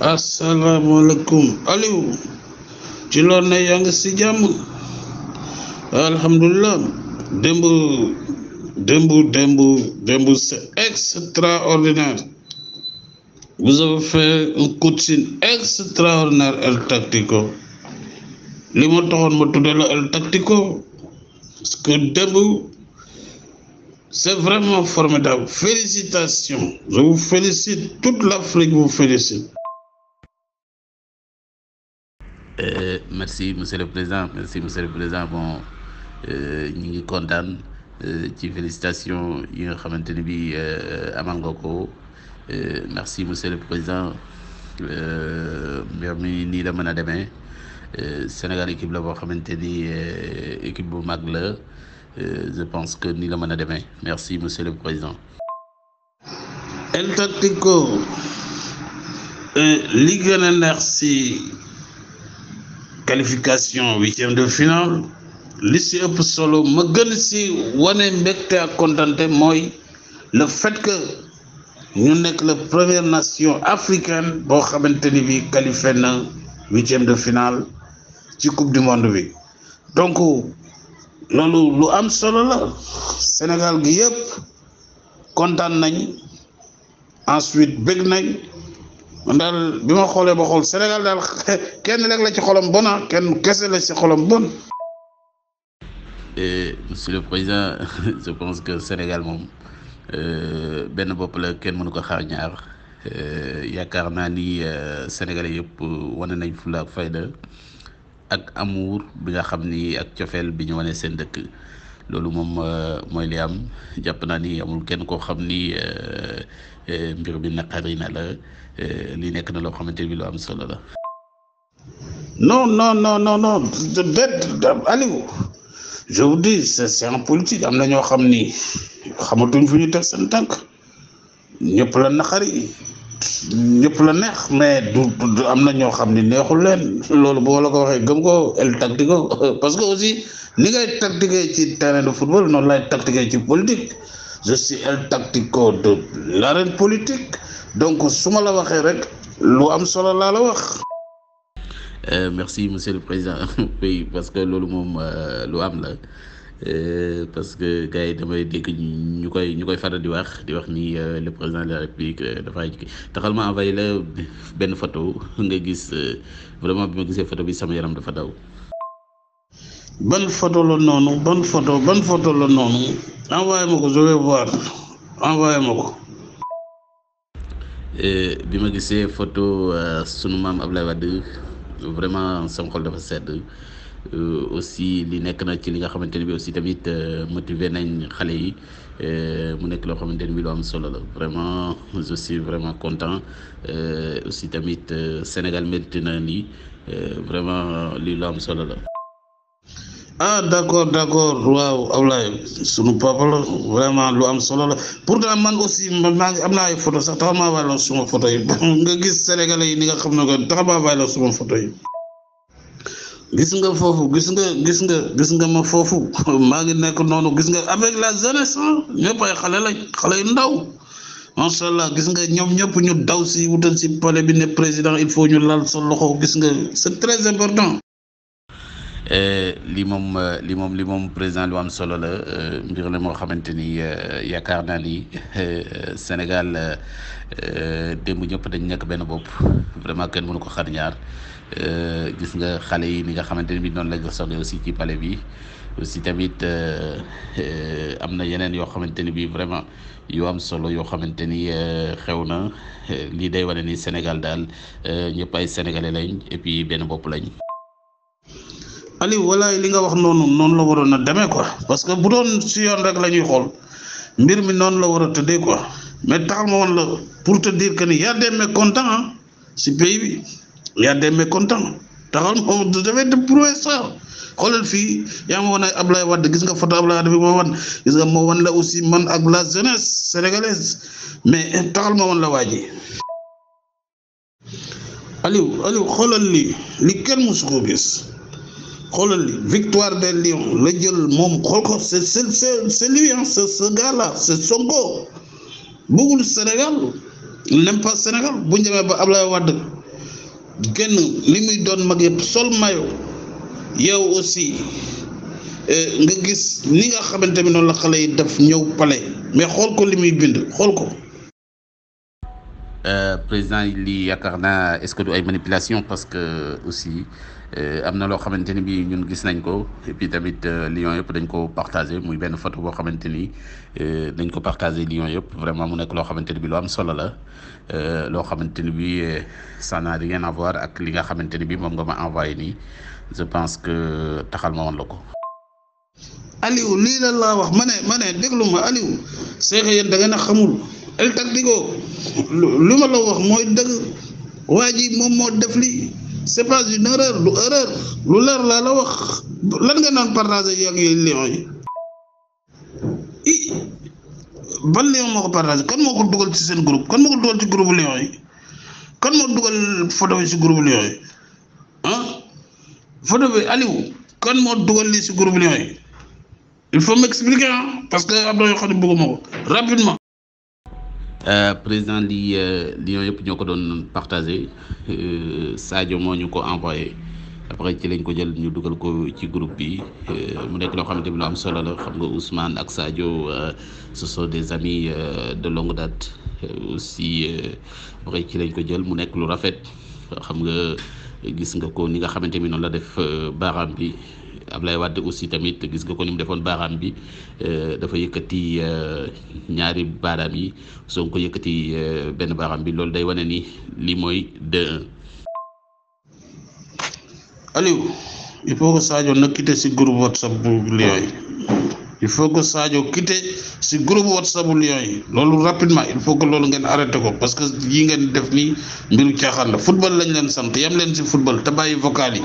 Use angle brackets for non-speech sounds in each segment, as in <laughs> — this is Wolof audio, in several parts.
Assalamu alaikum ci loolu na si jamu Alhamdulillah, Dembu Dembu dembu, dembu, c'est extraordinaire vous avez fait Une coaching extraordinaire El Tactico Les motos taxoon moto la El Tactico parce que dembu, c'est vraiment formidable félicitations je vous félicite toute l'Afrique vous félicite euh, merci monsieur le président merci monsieur le président bon euh, ñu ngi kontaan euh, ci félicitation yi nga xamante bi euh, merci monsieur le président mbir mi nii la mën a Sénégal équipe la boo xamante ni équipe bu mag je pense que Ni la mën merci monsieur le président El Tactico li gën a qualification huitième de finale li si ëpp solo ma gën si wane mbégte ak de mooy le fait que ñu nekk la première nation africaine boo xamante ni bi qualifié na huitième de finale ci coupe du monde bi donc loolu lu am solo la Sénégal gi content kontaan nañ ensuite bëgg nañ man daal bi ma xoolee ba xool Sénégal daal <laughs> kenn rek la ci xolam bon ah kenn kese la ci xolam bon. monsieur le président <laughs> je pense que Sénégal moom euh, benn bopp kenn mënu ko xaar ñaar euh, yaakaar naa ni euh, sénégalais yëpp wane nañ fulla ak fayda ak amour bi nga xam ni ak cofeel bi ñu wane seen dëkk. loolu moom euh, mooy li am jàpp naa ni amul kenn koo xam ni euh, euh, mbir bi naqari na la li nekk na loo xamante ni lu am solo la. non non non non non déet Aliou je vous dis politique am na ñoo xam ni xamatuñ fu ñu teg seen tànk ñëpp la naqari. ñëpp la neex mais du am na ñoo xam ni neexul leen loolu boo la ko waxee gëm ko el tactico <laughs> parce que aussi ni ngay tactiquer ci terrain de football noonu lay tactiquer ci politique je suis el tactico de l'arène politique donc suma la waxee rek lu am solo laa la wax. Euh, merci monsieur le président <laughs> oui parce que loolu moom euh, lu am la. Euh, parce que gars yi damay dégg ñu koy ñu koy faral di wax di wax ni euh, le président de la république euh, dafay taxal ma envoyé la benn photo <laughs> nga gis vraiment bi ma gisee photo bi sama yaram dafa daw. ban photo la noonu ban photo ban photo la noonu ma gisee photo maam Ablaye Wade vraiment sama xol dafa sedd. Euh, aussi li nekk na ci li nga xamanteni bi aussi tamit euh, motiver nañ xalé yi euh mu nekk lo xamanteni ne bi lu am solo la vraiment je suis vraiment content euh aussi tamit euh, Sénégal métti na lii vraiment li lu am solo la. ah d' accord d' accord waaw Ablaye sunu papa la vraiment lu am solo la pourtant man aussi man maa ngi am naa ay photo sax taxaw maa bàyyi la suma photo yi <laughs> nga gis sénégalais yi ni nga xam ne ko taxaw maa bàyyi la suma photo yi gis nga fofu gis nga gis nga gis nga ma foofu <laughs> maa ngi nekk noonu gis nga avec la jeunesse ah. ñëpp ay xale lañ xale yu ndaw macha allah gis nga ñoom ñëpp ñu daw si wutal si palais bi ne président il faut ñu laal sa loxo gis nga c'est très important. Euh, li moom euh, li moom li moom président lu am solo la euh, mbir la moo xamante ni yaakaar naa ni <laughs> Sénégal démb ñëpp dañ nekk benn bopp vraiment kenn mënu ko xar ñaar gis nga xale yi ni nga xamante ni bi noonu lañ ko soxla aussi ci palais bi aussi tamit am na yeneen yoo xamante ni bi vraiment yoo am solo yoo xamante ni xew na lii day wale ni Sénégal daal ñëpp ay sénégalais lañ et puis benn bopp lañ. Aliou walaay li nga wax noonu noonu la waroon a demee ko parce que bu doon si yoon rek la ñuy xool mbir mi noonu la war a tëddee mais taxal ma woon pour te dire que ni y a des mécontents si pays bi y a des de prouver ça xoolal fii yaa ma woon gis nga photo Ablaye Wade bi ma wan gis nga la aussi man ak la jeunesse sénégalaise mais taxal ma woon la waa li kenn mësu ko gis. victoire des Lions Le c'est lui hein, c'est ce gars-là c'est Songo. le Sénégal n'aime pas Sénégal bu n'aime ba Ablaye sol mayo yow aussi eh, nga gis ni nga pale mais ko bind ko. Euh, président il est-ce que ay manipulation parce que aussi. Euh, am na loo xamante ni ñun gis nañ ko et puis tamit euh, lion yëpp dañ ko partagé muy benn photo boo xamante ni euh, dañ ko partagé lion yëpp vraiment mu nekk loo xamante ni bii lu am solo la loo xamante ni bii ça n'a rien à voir ak li nga xamante ni bii moom nga ma envoyé nii je pense que taxal ma woon la ko. Aliou lii la laa wax ma ne ma ne déglu ma Aliou Cheikh yéen da ngeen a xamul El Tactico lu ma la wax mooy dëgg waa ji moom moo def lii. c'est pas une erreur lu erreur lu leer laa la wax lan nga naan partagé yi ak yooyu lion yi i ban lion moo ko partagé kan moo ko dugal ci seen groupe kan moo ko dugal ci groupe lion yi kan moo dugal photo bi ci groupe lion yi ah photo bi kan moo dugal lii si groupe lion yi il faut m'expliquer ah parce que am na yoo xam ne ko rapidement Euh, président li euh, lii yëpp ñoo ko doon partagé euh, Sadio mo ñuko envoyer après ci lañ ko jël ñu duggal ko ci groupe bi mu nekk loo xamante ni am solo la xam nga Ousmane ak Sadio ce sont des amis de longue date aussi après ci lañ ko jël mu nekk lu rafet xam nga gis nga ko ni nga xamante ni noonu la def baaraam bi. Ablaye Wade aussi tamit gis nga ko ni mu defoon baaraam bi euh, dafa yëkkati euh, ñaari baaraam yi soo ko yëkkati euh, benn baaraam bi loolu day wane ni lii mooy de. Aliou il faut que Sadio nag quitté si groupe WhatsApp bu Lions yi il faut que Sadio quitté si groupe whatsapp Lions yi loolu rapidement il faut que loolu ngeen arrêté ko parce que yi ngeen def nii mbiru caaxaan la football lañ leen sant yam leen si football te bàyyi vocal yi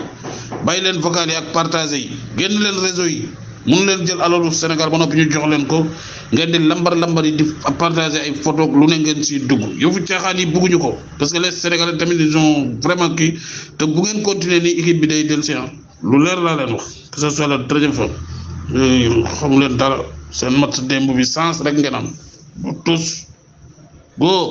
bàyyi leen vocal yi ak partagé yi génn leen réseau yi mun leen jël alalu Sénégal ba noppi ñu jox leen ko ngeen di lambar lambar yi di partagé ay photo lu ne ngeen siy dugg yëfu caaxaan yi bugguñu ko parce que les Sénégalais tamit ils ont vraiment kii te bu ngeen continuer bi day dellu si ah. lu leer laa leen wax que ce soit xamu leen dara seen mat démb bi sens rek ngeen am bu tus góo